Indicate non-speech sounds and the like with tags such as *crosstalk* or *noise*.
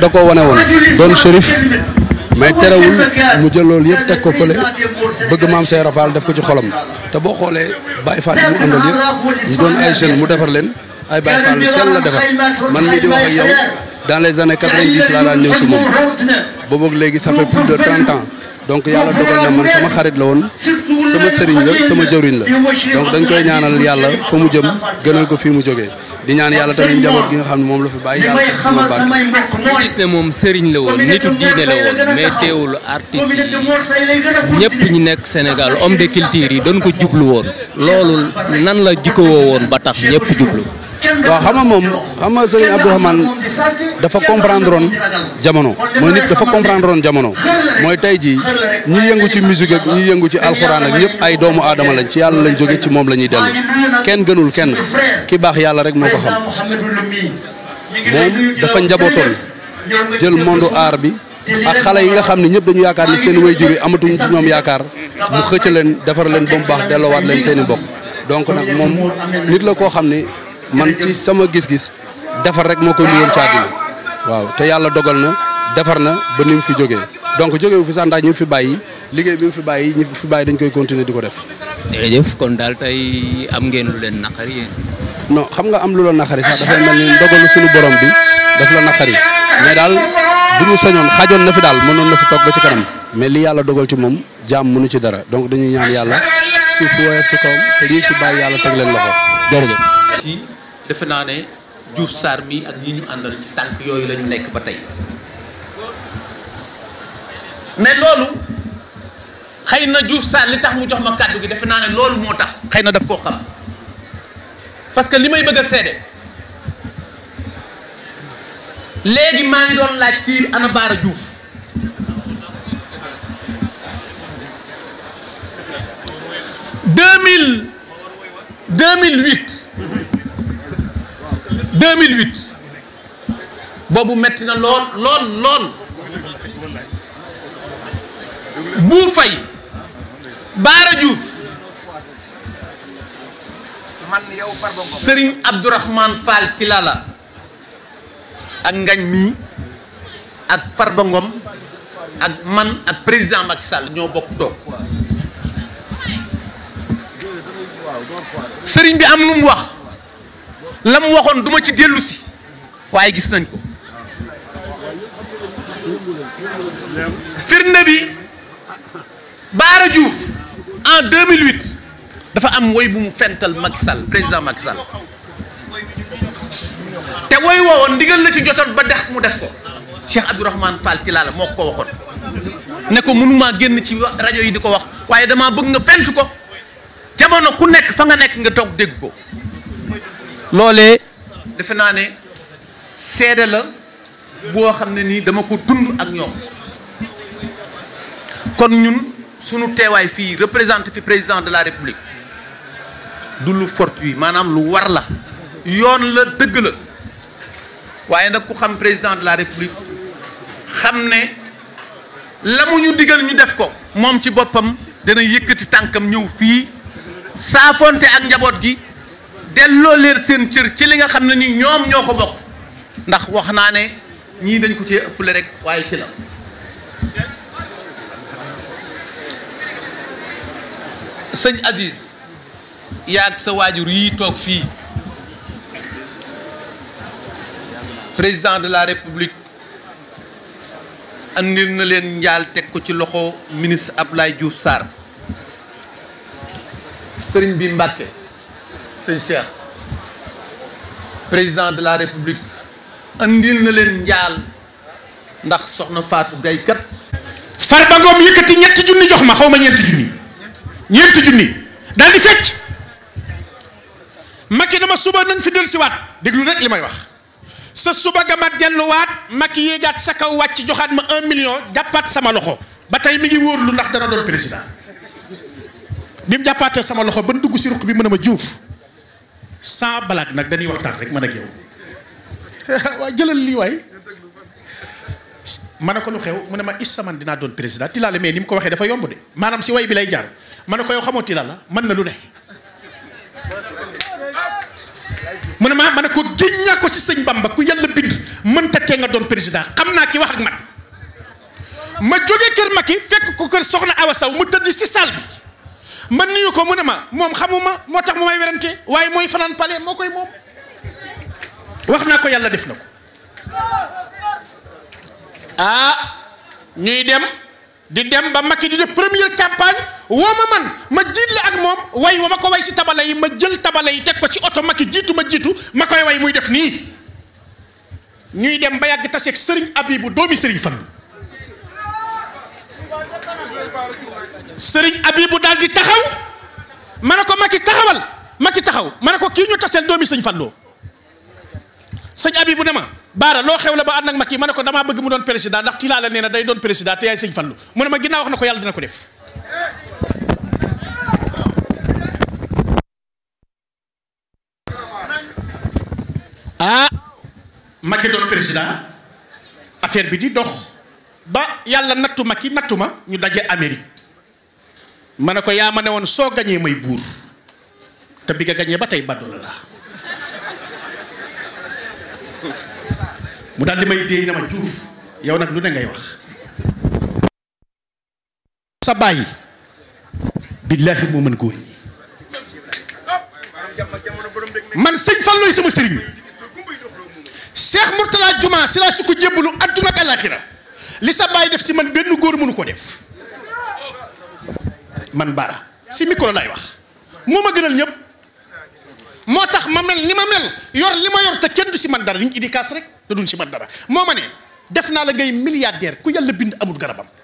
da ko wane woon doon shérif mais terewul mu jël loolu yëpp teg ko fële bëgg maam Seera Fall def ko ci xolam te boo xoolee Baye Fall mu àndal yëpp ñu doon ay jeunes mu defar leen ay Baye Fall sell la defar man mii di wax ak dans les années quatre-vingt-dix laa daan ñëw ci moom boobu léegi ça fait plus de trente ans. donc yàlla dogal na man sama xarit la woon sama sëriñ la sama jëriñ la donc dañ koy ñaanal yàlla fa mu jëm gënal ko fii mu jógee di ñaan yàlla tamit njaboot gi nga xam ne moom la fi bàyyi yàlla xamal samay mbokk mooy gis ne moom sëriñ la woon nit diine la woon mais teewul artiste yi ñëpp ñi nekk Sénégal homme de culture yi doon ko jublu woon loolu nan la jikkowoo woon ba tax ñëpp jublu waaw xam moom xam nga sëriñ Abdourahmane dafa comprendre woon jamono mooy nit dafa comprendre woon jamono mooy tey jii ñi yëngu ci musique ak ñi yëngu ci alxuraan ak ñëpp ay doomu aadama lañ ci yàlla lañ jóge ci moom la ñuy dellu kenn gënul kenn ki baax yàlla rek moo ko xam moom dafa njabootoon jël monde art bi ak xale yi nga xam ne ñëpp dañu yaakaar ni seen wayjur yi amatuñ ci ñoom yaakaar mu xëcc leen defar leen ba mu baax delloowaat leen seeni i mbokk donc nag moom nit la koo xam ne man ci sama gis-gis defar rek moo koy waaw te yàlla dogal na defar na ba ni mu fi jógee donc jógewu fi sax ndax ñu fi bàyyi liggéey bi mu fi bàyyi ñi fi bàyyi dañ koy continuer di ko def. jërëjëf kon daal tey am ngeen lu leen naqari yéen. non xam nga am lu la naqari sax dafay mel ni na suñu borom bi daf la naqari mais daal bu ñu soñoon xaajoon na fi daal mënoon na fi toog ba ci kanam. mais li yàlla dogal ci moom jaam mënu ci dara donc dañuy ñaan yàlla suuf woyof ci kawam te ñi ci bàyyi yàlla teg leen loxo jërëjëf. defe Diouf Sarr mii ak ñi ñu àndal ci tànk yooyu lañu nekk ba tey ne loolu xëy na juuf Sarr li tax mu jox ma kàddu gi defe naa ne loolu moo tax xëy na daf koo xam parce que li may bëgg a seede léegi maa ngi doon laaj kii ana Baara Diouf deux mille deux mille 2008 boobu metti na lool lool lool bu fay Baara Diouf Serigne Abdourahmane Fall Tilala ak ngañ mii ak Farba Ngom ak man ak président Macky Sall ñoo bokk toog Serigne bi am lu mu wax. la mu waxoon duma ci dellu waaye gis nañ ko firnde bi Baara Diouf en 2008 dafa am woy bu mu fental Macky Sall président Macky Sall te woy woowoon ndigal la ci jotoon ba dex mu def ko Cheikh Abdourahmane Fall ci moo ko ko waxoon ne ko mënumaa génn ci rajo yi di ko wax waaye damaa bëgg nga fent ko jamono ku nekk fa nga nekk nga toog dégg ko loole defe naa ne seede la boo xam ne nii dama ko dund ak ñoom kon ñun sunu teewaay fii représenté fi président de la république du lu fortuit maanaam lu war la yoon la dëgg la waaye nag ku xam président de la république xam ne la mu ñu digal ñu def ko moom ci boppam dana yëkkati tànkam ñëw fii saafonte ak njaboot gi delloo leer seen cër ci li nga xam ne ni ñoom ñoo ko bokk ndax wax naa ne ñii dañ ko cee ëppale rek waaye ci la sëñ Aziz yaag sa waajur yi toog fii président de la république andir na leen njaal teg ko ci loxo ministre Abdoulaye Diouf saar sëriñ bi Mbàkke sëñ président de la république andil na leen njaal ndax soxna Fatou Gaye kat Farba Ngom yëkkati ñetti junni jox ma xaw ma ñeenti junni ñeenti junni daal di fecc Macky dama suba nañ fi dellu siwaat déglu rek li wax ce suba ga ma wat Macky yéegaat sa kaw wacc joxat ma un million jappat sama loxo batay mi ngi wóorlu ndax dana doon président Bim mu sama loxo ban dugg ci ruq bi mën ma juuf sans blague nag dañuy waxtaan rek man ak yow *laughs* waaw jëlal lii waay ma ne ko lu xew mu ne ma is saman dinaa doon président Tilala mais ni mu ko waxee dafa yomb de maanaam si way bi lay jaar ma ne ko yow xamoo Tilala man na lu ne mu ne ma ma ne ko génñaa ko si sëñ Bamba ku yàlla bind mënta tee nga doon président xam naa ki wax ak man ma jógee kër Macky fekk ko kër Soxna Awa Sow mu tëdd si salle bi man nuyu ko mu ne ma moom xamuma moo tax mu may werante waaye mooy fanaan pale moo koy moom wax naa ko yàlla def na ko ah ñuy dem di dem ba makki di def première campagne woo ma man ma jiit la ak moom way wa ma ko way si tabala yi ma jël tabala yi teg ko si oto Macky jiitu ma jiitu ma koy way muy def nii ñuy dem ba yàgg taseeg sëriñ Abibu doomi sëriñ fan sëriñ Abibu daal di taxaw ma ne ko Macky taxawal Macky taxaw ma ne ko kii ñu taseel doomi sëñ Fallou sëñ Abibu ne ma baara loo xew la ba ànd ak Macky ma ne ko damaa bëgg mu doon président ndax tilaa la nee na day doon président te yaay sëñ Fallou mu ne ma ginnaaw wax na ko yàlla dina ko def. Ah, affaire bi di dox ba yàlla nattu Macky nattu ma ñu daje Amérique. mana ne ko yaa ma ne woon soo gañee may bour te bi ga gañee ba tey baddu la mu daal di may déey na ma juuf yow ya, nak lu ne ngay ya, wax sa bay billahi mo man góor man seigne Fallou sama serigne Cheikh murtala Juma sila suku su aduna jébbalu adduna ak alaxira li sa bay def ci man benn góor mënu ko def man Bara si micro lay wax moo ma gënal ñëpp moo tax ma mel li ma mel yor li ma yor te kenn du si man dara liñ idi kaas rek te duñ si man dara moo ma ne def naa la ngay milliardaire ku yàlla bind amul garabam.